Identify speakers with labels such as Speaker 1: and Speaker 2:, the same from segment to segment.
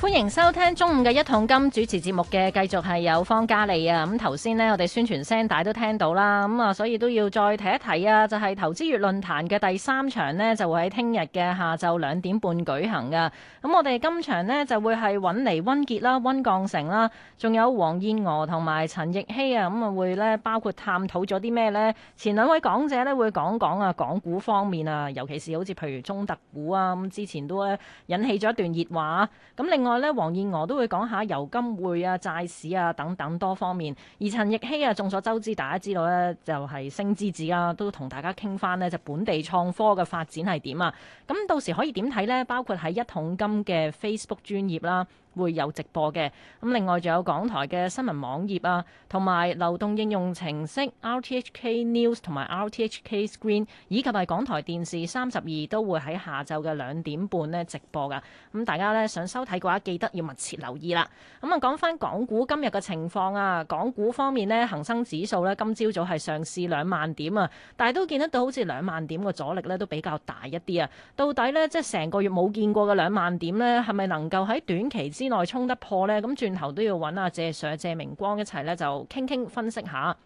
Speaker 1: 歡迎收聽中午嘅一桶金主持節目嘅，繼續係有方嘉利啊！咁頭先呢，我哋宣傳聲帶都聽到啦，咁啊，所以都要再提一提啊！就係投資月論壇嘅第三場呢，就會喺聽日嘅下晝兩點半舉行噶。咁我哋今場呢，就會係揾嚟溫傑啦、溫鋼城啦，仲有黃燕娥同埋陳奕希啊，咁啊會咧包括探討咗啲咩呢？前兩位講者呢，會講講啊港股方面啊，尤其是好似譬如中特股啊，咁之前都引起咗一段熱話。咁另外另外咧，黃燕娥都會講下油金匯啊、債市啊等等多方面。而陳奕希啊，眾所周知，大家知道咧就係、是、星之子啊，都同大家傾翻咧就本地創科嘅發展係點啊。咁到時可以點睇咧？包括喺一桶金嘅 Facebook 專頁啦、啊，會有直播嘅，咁另外仲有港台嘅新聞網頁啊，同埋流動應用程式 RTHK News 同埋 RTHK Screen，以及係港台電視三十二都會喺下晝嘅兩點半呢直播噶，咁大家呢，想收睇嘅話，記得要密切留意啦。咁啊，講翻港股今日嘅情況啊，港股方面呢，恒生指數呢，今朝早係上，上試兩萬點啊，但係都見得到好似兩萬點嘅阻力呢，都比較大一啲啊。到底呢，即係成個月冇見過嘅兩萬點呢，係咪能夠喺短期之內衝得破呢，咁轉頭都要揾阿謝 Sir、謝明光一齊呢，就傾傾分析下。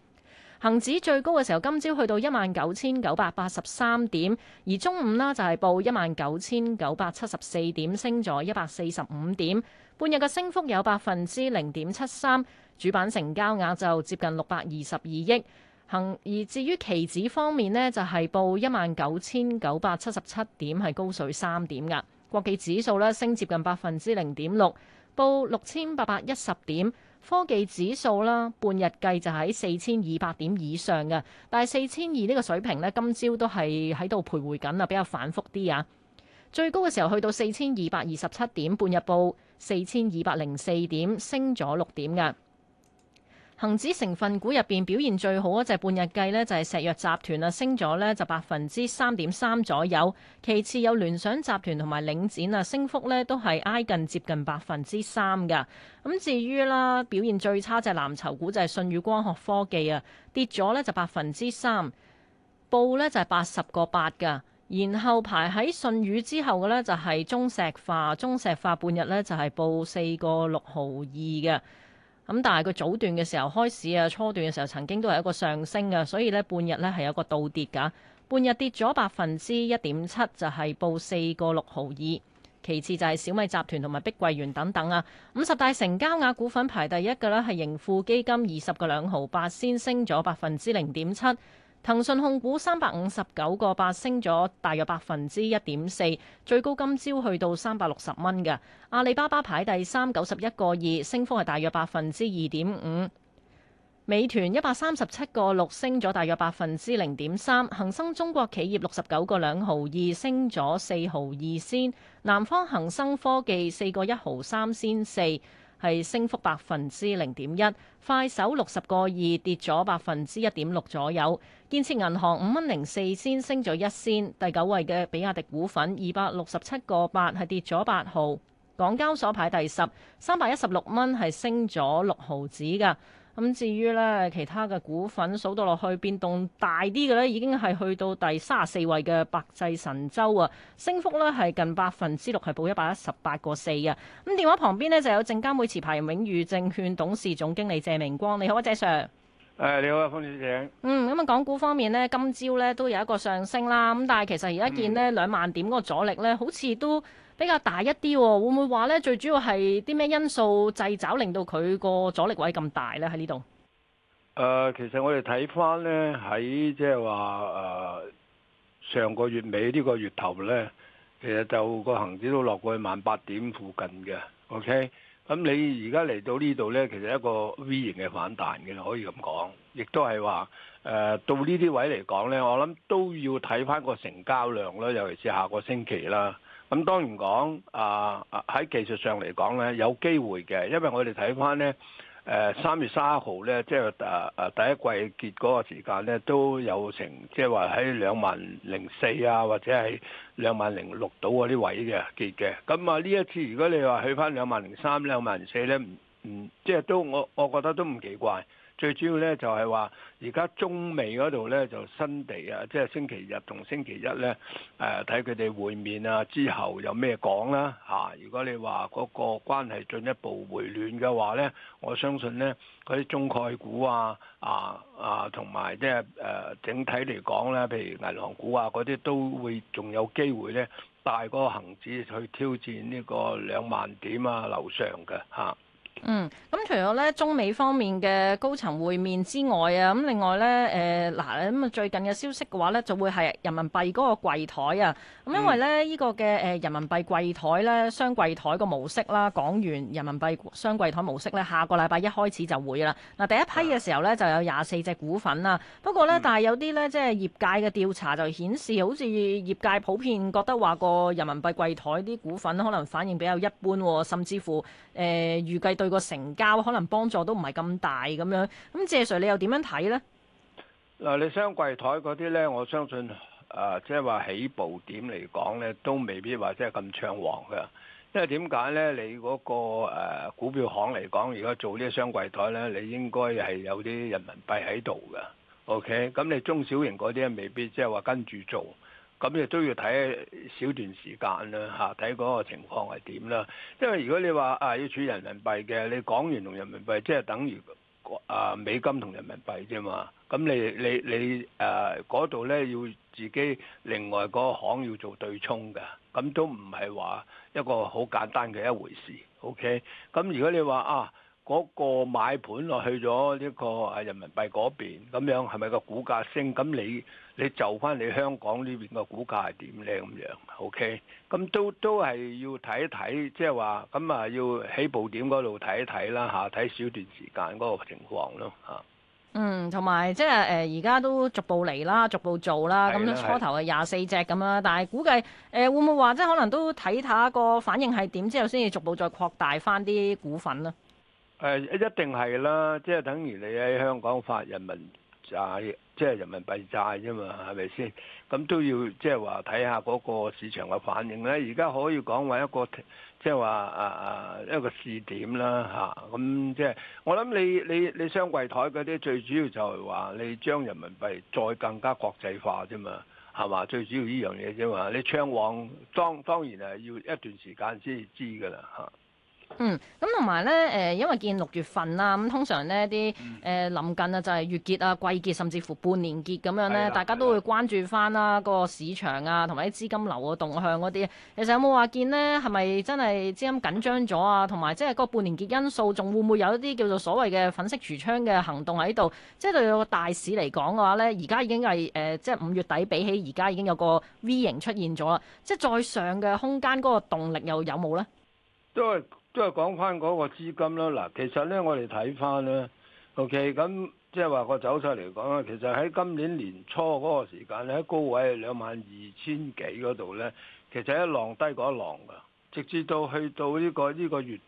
Speaker 1: 恆指最高嘅時候，今朝去到一萬九千九百八十三點，而中午呢，就係報一萬九千九百七十四點，升咗一百四十五點，半日嘅升幅有百分之零點七三，主板成交額就接近六百二十二億。恆而至於期指方面呢，就係、是、報一萬九千九百七十七點，係高水三點噶。國企指數咧升接近百分之零點六，報六千八百一十點。科技指數啦，半日計就喺四千二百點以上嘅，但係四千二呢個水平咧，今朝都係喺度徘徊緊啊，比較反覆啲啊。最高嘅時候去到四千二百二十七點，半日報四千二百零四點，升咗六點嘅。恒指成分股入邊表現最好，一隻半日計呢就係石藥集團啦，升咗呢就百分之三點三左右。其次有聯想集團同埋領展啊，升幅呢都係挨近接近百分之三嘅。咁至於啦，表現最差就係藍籌股，就係舜宇光學科技啊，跌咗呢就百分之三，報呢就係八十個八嘅。然後排喺舜宇之後嘅呢就係中石化，中石化半日呢就係報四個六毫二嘅。咁但係佢早段嘅時候開始，啊，初段嘅時候曾經都係一個上升嘅，所以呢，半日呢係有個倒跌㗎，半日跌咗百分之一點七，就係報四個六毫二。其次就係小米集團同埋碧桂園等等啊。五十大成交額股份排第一嘅呢係盈富基金二十個兩毫八，先升咗百分之零點七。騰訊控股三百五十九個八升咗大約百分之一點四，最高今朝去到三百六十蚊㗎。阿里巴巴排第三，九十一個二升幅係大約百分之二點五，美團一百三十七個六升咗大約百分之零點三，恒生中國企業六十九個兩毫二升咗四毫二先，南方恒生科技四個一毫三先四。係升幅百分之零點一，快手六十個二跌咗百分之一點六左右。建設銀行五蚊零四先升咗一仙。第九位嘅比亞迪股份二百六十七個八係跌咗八毫，港交所排第十，三百一十六蚊係升咗六毫子噶。咁至於咧，其他嘅股份數到落去變動大啲嘅咧，已經係去到第三十四位嘅百濟神州啊，升幅咧係近百分之六，係報一百一十八個四嘅。咁電話旁邊咧就有證監會持牌人永譽證券董事總經理謝明光，你好啊，謝 Sir。誒，你
Speaker 2: 好啊，方小姐。嗯，
Speaker 1: 咁啊，港股方面呢，今朝呢都有一個上升啦。咁但係其實而家見呢兩萬點嗰個阻力呢，好似都～比較大一啲喎，會唔會話呢？最主要係啲咩因素掣肘，令到佢個阻力位咁大呢？喺呢度
Speaker 2: 誒，其實我哋睇翻呢，喺即係話誒上個月尾呢個月頭呢，其實就個恆指都落過去萬八點附近嘅。OK，咁你而家嚟到呢度呢，其實一個 V 型嘅反彈嘅，可以咁講，亦都係話誒到呢啲位嚟講呢，我諗都要睇翻個成交量咯，尤其是下個星期啦。咁當然講啊，喺技術上嚟講呢，有機會嘅，因為我哋睇翻呢，誒三月三號呢，即係誒誒第一季結嗰個時間呢，都有成即係話喺兩萬零四啊，或者係兩萬零六到嗰啲位嘅結嘅。咁，啊呢一次如果你話去翻兩萬零三、兩萬零四呢，唔唔即係都我我覺得都唔奇怪。最主要呢，就係話，而家中美嗰度呢，就新地啊，即係星期日同星期一呢，誒睇佢哋會面啊，之後有咩講啦嚇。如果你話嗰個關係進一步回暖嘅話呢，我相信呢，嗰啲中概股啊、啊啊同埋即係誒整體嚟講呢，譬如銀行股啊嗰啲都會仲有機會呢，帶嗰個恆指去挑戰呢個兩萬點啊樓上嘅嚇。啊
Speaker 1: 嗯，咁、嗯、除咗咧中美方面嘅高層會面之外啊，咁、嗯、另外咧，誒、呃、嗱，咁啊最近嘅消息嘅話咧，就會係人民幣嗰個櫃台啊，咁、嗯、因為咧呢、這個嘅誒、呃、人民幣櫃台咧雙櫃台個模式啦，港元人民幣雙櫃台模式咧，下個禮拜一開始就會啦。嗱，第一批嘅時候咧就有廿四隻股份啦，不過咧、嗯、但係有啲咧即係業界嘅調查就顯示，好似業界普遍覺得話個人民幣櫃台啲股份可能反應比較一般，哦，甚至乎誒、呃、預計對。個成交可能幫助都唔係咁大咁樣，咁謝 s 你又點樣睇呢？
Speaker 2: 嗱，你雙櫃台嗰啲呢，我相信誒、呃，即係話起步點嚟講呢，都未必話即係咁暢旺噶因為點解呢？你嗰、那個誒、呃、股票行嚟講，如果做呢啲雙櫃台呢，你應該係有啲人民幣喺度噶。OK，咁你中小型嗰啲未必即係話跟住做。咁亦都要睇少段時間啦嚇，睇、啊、嗰個情況係點啦。因為如果你話啊要儲人民幣嘅，你港元同人民幣即係等於啊、呃、美金同人民幣啫嘛。咁你你你誒嗰度呢，要自己另外嗰行要做對沖嘅，咁都唔係話一個好簡單嘅一回事。OK。咁如果你話啊。嗰個買盤落去咗呢個啊人民幣嗰邊咁樣，係咪個股價升？咁你你就翻你香港呢邊個股價係點咧？咁樣 OK，咁都都係要睇一睇，即係話咁啊，要起步點嗰度睇一睇啦嚇，睇、啊、少段時間嗰個情況咯嚇。
Speaker 1: 啊、嗯，同埋即係誒，而、呃、家都逐步嚟啦，逐步做啦。咁初頭係廿四隻咁啦，但係估計誒、呃、會唔會話即係可能都睇下個反應係點之後，先至逐步再擴大翻啲股份咧？
Speaker 2: 誒一定係啦，即係等於你喺香港發人民債，即係人民幣債啫嘛，係咪先？咁都要即係話睇下嗰個市場嘅反應咧。而家可以講話一個即係話啊啊一個試點啦嚇。咁即係我諗你你你雙櫃台嗰啲最主要就係話你將人民幣再更加國際化啫嘛，係嘛？最主要呢樣嘢啫嘛。你暢旺當當然係要一段時間先知㗎啦嚇。啊
Speaker 1: 嗯，咁同埋咧，誒、呃，因為見六月份啦，咁通常呢啲誒臨近啊，就係月結啊、季結，甚至乎半年結咁樣咧，的大家都會關注翻啦，個市場啊，同埋啲資金流嘅動向嗰啲。其實有冇話見呢？係咪真係資金緊張咗啊？同埋即係個半年結因素，仲會唔會有一啲叫做所謂嘅粉飾櫥窗嘅行動喺度？即、就、係、是、對個大市嚟講嘅話咧，而家已經係誒，即係五月底比起而家已經有個 V 型出現咗啦。即係再上嘅空間嗰個動力又有冇咧？
Speaker 2: 都即係講翻嗰個資金啦，嗱，其實呢，我哋睇翻咧，OK，咁即係話個走勢嚟講啊，其實喺今年年初嗰個時間喺高位係兩萬二千幾嗰度呢，其實一浪低過一浪噶，直至到去到呢個呢個月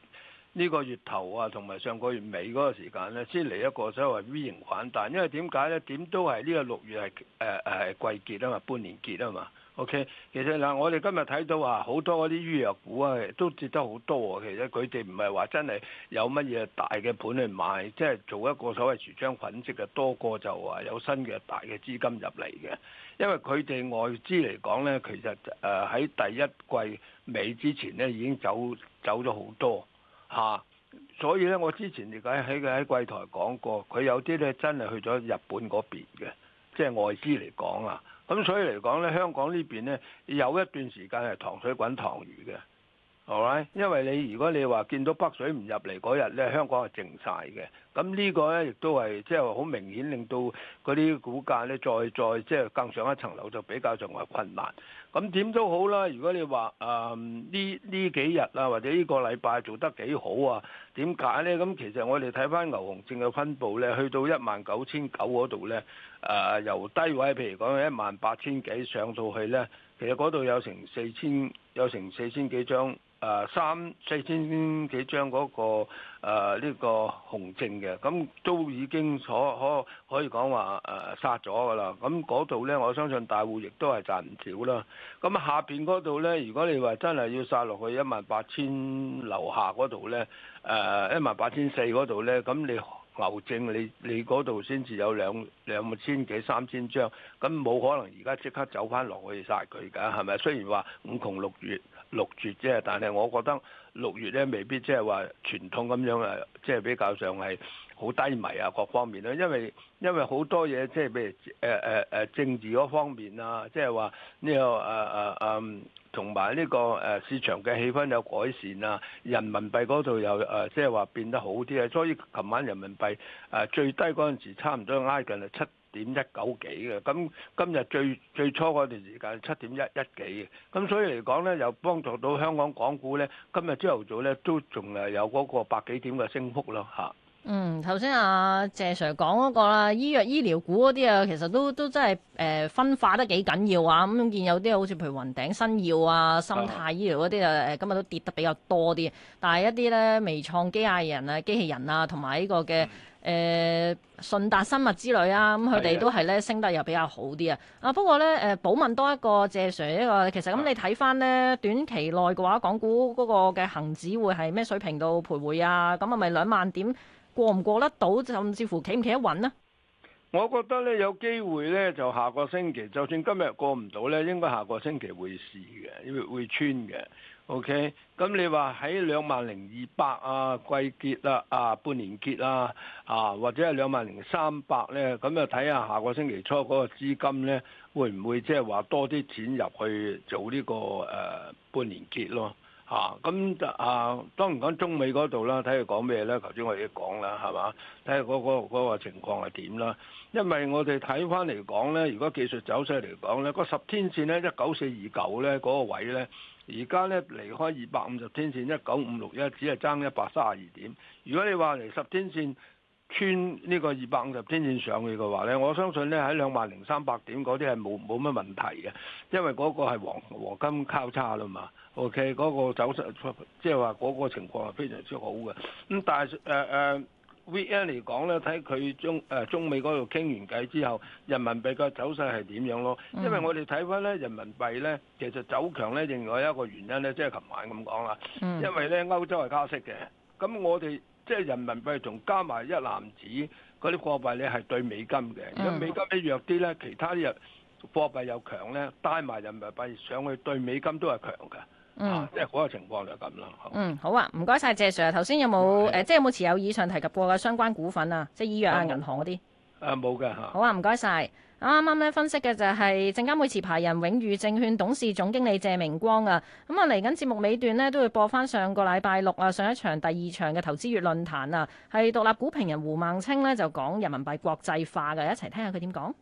Speaker 2: 呢、這個月頭啊，同埋上個月尾嗰個時間咧，先嚟一個所謂 V 型反彈。因為點解呢？點都係呢個六月係誒誒季結啊嘛，半年結啊嘛。O、okay. K，其實嗱，我哋今日睇到啊，好多嗰啲醫藥股啊，都跌得好多。其實佢哋唔係話真係有乜嘢大嘅盤去買，即係做一個所謂櫥窗粉色嘅多過就話有新嘅大嘅資金入嚟嘅。因為佢哋外資嚟講呢，其實誒喺第一季尾之前咧已經走走咗好多嚇、啊，所以呢，我之前亦喺佢喺櫃台講過，佢有啲咧真係去咗日本嗰邊嘅，即係外資嚟講啊。咁所以嚟講咧，香港呢邊咧有一段時間係糖水滾糖魚嘅。係咪？因為你如果你話見到北水唔入嚟嗰日呢，香港係靜晒嘅。咁呢個呢，亦都係即係好明顯，令到嗰啲股價呢，再再即係、就是、更上一層樓就比較上話困難。咁點都好啦，如果你話誒呢呢幾日啊，或者呢個禮拜做得幾好啊？點解呢？咁其實我哋睇返牛熊證嘅分佈呢，去到一萬九千九嗰度呢，誒、呃、由低位譬如講一萬八千幾上到去呢。其實嗰度有成四千有成四千幾張，誒三四千幾張嗰個誒呢個紅證嘅，咁都已經可可可以講話誒殺咗㗎啦。咁嗰度呢，我相信大戶亦都係賺唔少啦。咁下邊嗰度呢，如果你話真係要殺落去一萬八千樓下嗰度呢，誒一萬八千四嗰度呢，咁你。牛證你你嗰度先至有兩兩千幾三千張，咁冇可能而家即刻走翻落去晒佢㗎，係咪？雖然話五窮六月。六月啫，但係我覺得六月咧未必即係話傳統咁樣啊，即係比較上係好低迷啊各方面啦，因為因為好多嘢即係譬如誒誒誒政治嗰方面啊，即係話呢個誒誒誒同埋呢個誒市場嘅氣氛有改善啊，人民幣嗰度又誒即係話變得好啲啊，所以琴晚人民幣誒最低嗰陣時差唔多拉近係七。點一九幾嘅，咁今日最最初嗰段時間，七點一一幾嘅，咁所以嚟講咧，又幫助到香港港股咧，今日朝頭早咧都仲誒有嗰個百幾點嘅升幅咯，吓！
Speaker 1: 嗯，頭先阿謝 Sir 講嗰、那個啦，醫藥醫療股嗰啲啊，其實都都真係誒、呃、分化得幾緊要啊！咁、嗯、見有啲好似譬如雲頂新耀啊、心泰醫療嗰啲啊，誒今日都跌得比較多啲。但係一啲咧微創機械人啊、機器人啊，同埋呢個嘅誒、嗯呃、順達生物之類啊，咁佢哋都係咧升得又比較好啲啊！啊是的 不過咧誒，補、呃、問多一個謝 Sir 一個，其實咁你睇翻咧短期內嘅話，港股嗰個嘅恒指會係咩水平度徘徊啊？咁係咪兩萬點？過唔過得到，甚至乎企唔企得穩呢？
Speaker 2: 我覺得咧有機會咧，就下個星期，就算今日過唔到咧，應該下個星期會試嘅，因為會穿嘅。OK，咁你話喺兩萬零二百啊，季結啦，啊半年結啦，啊或者係兩萬零三百咧，咁就睇下下個星期初嗰個資金咧會唔會即係話多啲錢入去做呢、這個誒、啊、半年結咯。啊，咁啊，當然講中美嗰度啦，睇佢講咩呢？頭先我已經講啦，係嘛？睇下嗰個情況係點啦。因為我哋睇翻嚟講呢，如果技術走勢嚟講呢，個十天線呢，一九四二九呢嗰個位呢，而家呢離開二百五十天線一九五六一，只係爭一百三十二點。如果你話嚟十天線，穿呢個二百五十天線上去嘅話咧，我相信咧喺兩萬零三百點嗰啲係冇冇乜問題嘅，因為嗰個係黃黃金交叉啦嘛。OK，嗰個走勢即係話嗰個情況係非常之好嘅。咁但係誒誒，VN 嚟講咧，睇佢中誒、uh, 中美嗰度傾完偈之後，人民幣嘅走勢係點樣咯？因為我哋睇返咧，人民幣咧其實走強咧，另外一個原因咧，即係琴晚咁講啦，因為咧歐洲係加息嘅，咁我哋。即係人民幣仲加埋一籃子嗰啲貨幣咧係對美金嘅，因為美金咧弱啲咧，其他啲貨幣又強咧，帶埋人民幣上去對美金都係強嘅，嗯、啊，即係嗰個情況就係咁啦。嗯，好
Speaker 1: 啊，唔該晒謝 Sir。頭先有冇誒的、呃，即係有冇持有以上提及過嘅相關股份啊？即係醫藥啊、的銀行嗰啲。啊，冇嘅吓。好啊，唔該晒。啱啱咧分析嘅就係證監會持牌人永裕證券董事總經理謝明光啊。咁、嗯、啊，嚟緊節目尾段呢，都會播翻上，上個禮拜六啊，上一場第二場嘅投資月論壇啊，係獨立股評人胡孟青呢，就講人民幣國際化嘅，一齊聽下佢點講。